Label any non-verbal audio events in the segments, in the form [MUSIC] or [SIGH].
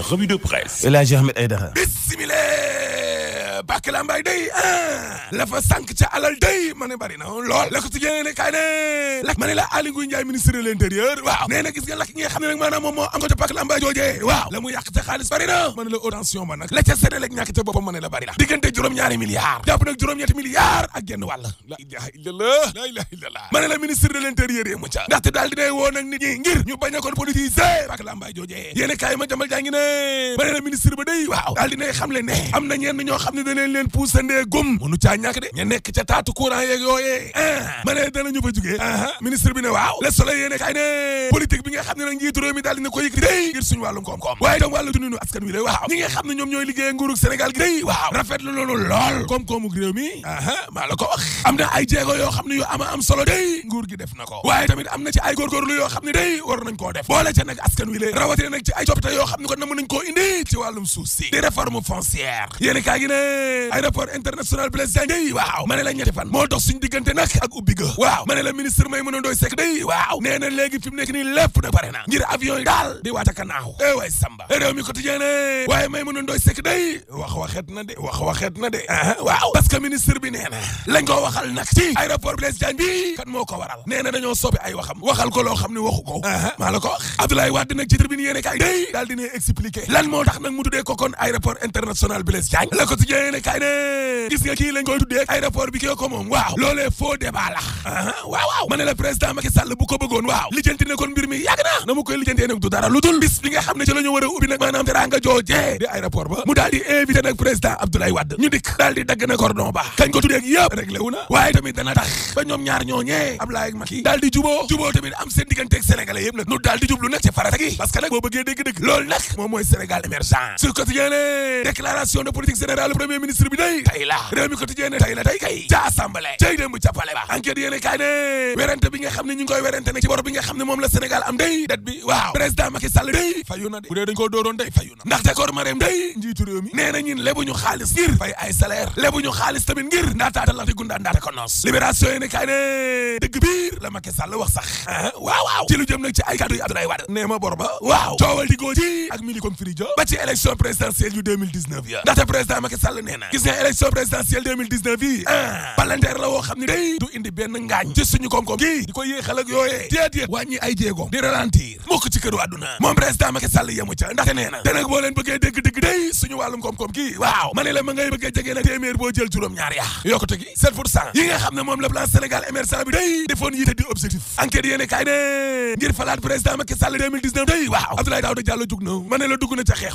Revue de presse. El Hadji Bakhla Mbaye day a ah, la fa sànq ca alal day ma ne bari na lool la ko ci yéene ne kay ne lak ma la Aly Ngouille Ndiaye ministre de l'intérieur waaw nee na gis nga lakk ne nag maanaam la mu yàq ca xaalis bari na ma ca séddale ak la bari na diggante juróom-ñaari milliards jàpp nag juróom-ñetti milliards ak genn wàll la ilaha illallah la la ministre de l'intérieur yee mu ca ndaxte daal woo nag nit ñi ngir ñu bañ a kon politiser Bakhla Mbaye joojee yéene kay ma jamal danañ leen puusandee gum mënu caa ñàkk de ña nekk ca taatu courant yeeg yooyee ah ma ne danañu fa jugee aa ah, ministre bi ne waaw le soleil yéene kay ne politique xam ne nag njiitu réew mi daal dina ko yëkkati day ngir suñu wàllum koom-koom waaye itam wàllu dundu askan wi de waaw ah, ko wax am na ay jéego yoo xam ne yu am solo day nguur gi def na ko waaye tamit am na ci ay góorgóorlu yoo xam ne day war nañ koo def boole ca nag askan wi le nag ci ay coppite yoo xam ne ko namm nañ koo indi ci wàllum suuf si di aéroport international Blaise Diagne day waaw ma ne fan moo dox suñu diggante ak ubbi waaw ma ne la ministre Maïmouna Ndoye day waaw nee na fi mu nekk nii lépp da pare na ngir avion a eh mi quotidien day wax waxet na de wax waxet na de ah waaw parce que ministre bi nee na lañ ko waxal nag ci aéroport Blaise Diagne bi kan moo ko waral nee na dañoo soppi ay waxal ko loo xam ne waxu ko ah maa la ko wax Abdoulaye Wade nag ci tribune yéene kaay day daal dina expliqué lan moo tax nag mu tuddee ko kon aéroport international Blaise Diagne la yéen gis nga kii lañ koy tuddee aéroport bi ko moom waaw loolee faux débat la waaw waaw ma ne la président Macky Sall bu ko waaw lijjanti kon mbir mi yàgg na mu koy lijjantee nag du dara lu dul bis bi nga xam ne ci la ñu war a ubbi nag maanaam teranga joojee di mu daal di invité nag président Abdoulaye Wade ñu dikk daal di dagg na cordon ba kañ ko tuddee na waaye tamit dana tax ba ñoom ñaar ñooñee Abdoulaye di juboo juboo tamit am seen digganteeg sénégalais ministre bi day tey la réew mi quotidien ne tey la tey kay ca assemblée cay démb ca palais ba enquête yéene kaay ne werante bi nga xam ne ñu ngi koy werante ne ci bor bi nga xam ne moom la Sénégal am day date bi waaw président Macky Sall day fayu na de bu dee dañ koo dooroon day fayu na ndax d'accord Marème day njiitu réew mi nee na ko noos libération yéene kaay ne dëgg biir la Macky Sall wax sax ah, waaw waaw ci lu jëm nag ci ay kàddu yi Abdoulaye Wade bor ba waaw coowal nee na gis nga élection présidentielle 2019 yi ah. Ah. la woo xam ne day du indi ngaañ ci suñu koom-koom gii di ko yéexal ak yooyee déedéet ay jéegoom di ralentir mukk ci këru àdduna moom président Macky Sall yemu ca ndaxte nee na te nag boo leen bëggee dégg-dégg day suñu wàllum koom-koom gii waaw ma ne ma ngay bëggee jegee nag téeméer boo jël juróom ñaar yaa yokkute gi 7 pour cent yi nga xam ne moom le plan Sénégal émergent bi day defoon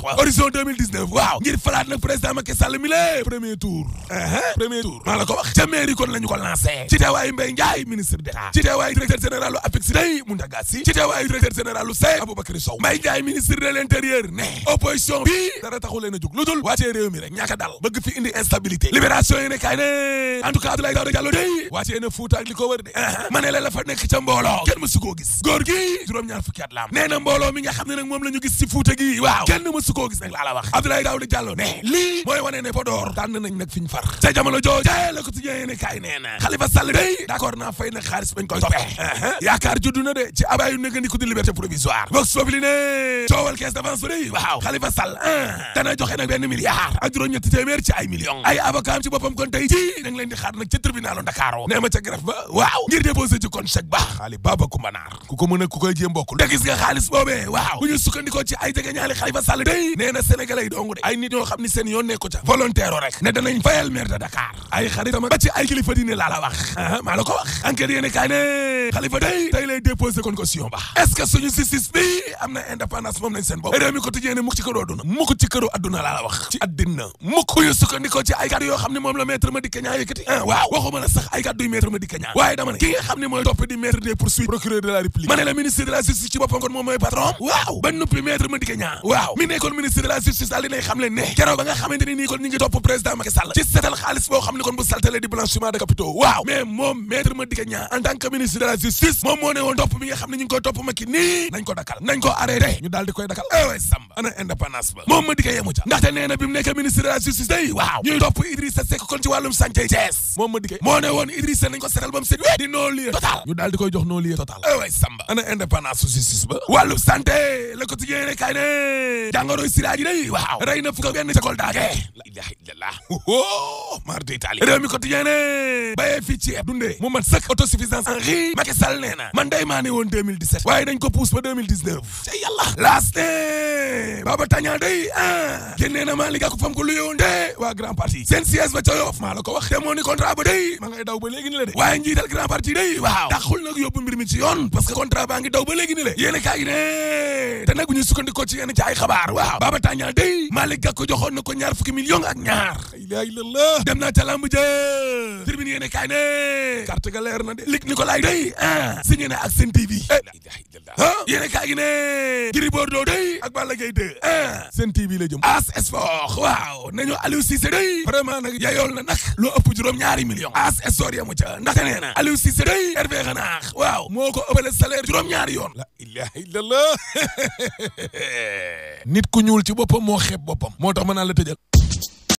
wa horizon 2019 waaw ngir falaat nag Eh. premier tour eh, eh. premier tour maa la ko wax ca mairie kon la ñu ko lancé ci teewaayu Mbaye Ndiaye ministre d'État ci teewaayu directeur général u APEX day Mountaga Sy ci teewaayu directeur Sow Mbaye Ndiaye ministre de l'intérieur ne opposition bi dara taxu leen a jug lu dul wàccee réew mi rek ñaaka dal bëgg fi indi instabilité libération yi ne kaay ne en tout cas Abdoulaye Daouda Diallo day na Fuuta ak li ko ma ne la la fa nekk ca mbooloo kenn door tànn nañ nag fi ñu far ca jamono joojee la ko si yéene kaay nee na Khalifa Sall day d'accord naa fay nag xaalis bañ koy a dana ñetti téeméer ci ay millions ay avocat ci boppam kon tey ji da nga di xaar nag ca tribunalu Ndakaaru nee ma ca greffe waaw ngir déposé ci kon chèque ba xaali baba kumba ku ko mën a ku koy jéem bokkul da gis nga xaalis waaw bu ñu sukkandikoo ci ay jegeñaali Khalifa Sall day nee na sénégalais yi de ay nit ñoo xam ni seen yoon nekku teero rek ne danañ fayal maire de Dakar ay xaritam ba ay kilifa diine la wax maa la ko wax enquête ne xalifa day tey lay déposé kon caution ba est-ce que suñu justice bi am na indépendance moom nañ seen bopp réew mi quotidien ne mukk ci këru adduna la wax ci addina mukk yu sukkandikoo ci ay kàddu yoo xam ah, ay kàddu yu maître Madické Niang waaye dama ne ki ministre de la justice ci boppam kon moom mooy patron waaw ba noppi maître Madické Niang waaw mi nekkoon ministre de la justice topp président Macky Sall ci seetal xaalis boo xam ne kon bu saltale di blanchiment de capitaux waaw mais moom maître Madické Niang en tant que ministre de la justice moom moo ne woon topp bi nga xam ne ñu ngi koy topp Macky nii nañ ko dakal nañ ko arrêté ñu daal di koy dakal eh way samba ana indépendance ba moom Madické yemu ca ndaxte nee na bi mu nekk ministre de la justice day waaw ñuy topp Idrissa Seck kon ci wàllum santé Thiès moom Madické moo ne woon Idrissa nañ ko seetal illallah oh, mar de itali réew mi ah, waa grand parti seen ba ca Yoff ko wax te moo ni ba day ma daw ba léegi ni la de waaye njiital grand parti day waaw daxul nag yóbbu mbir mi ci yoon parce que contrat daw ba léegi ni le yéen a kaay te nag bu ñu sukkandikoo ci yenn ci ay xabaar waaw Baba Taña day Malick Gakou joxoon na ko ñaar fukki million ak ñaar ilaha illallah dem naa ca lamb ja tribune yéene kaay ne carte ga leer na de lig Nicolas day ah signé na ak Sen TV eh. ah yéene kaay gi ne Gris Bordeaux day ak Balla Gaye 2 ah Sen TV la jëm as sport waaw nañu Aliou Cissé day vraiment nag yayool na nag loo ëpp juróom ñaari million as sport yamu ca ndax nee na Aliou Cissé day Hervé Renard waaw moo ko ëppale salaire juróom ñaari yoon la ilaha illallah [LAUGHS] nit ku ñuul ci boppam moo xeeb boppam moo tax mën naa la tëjal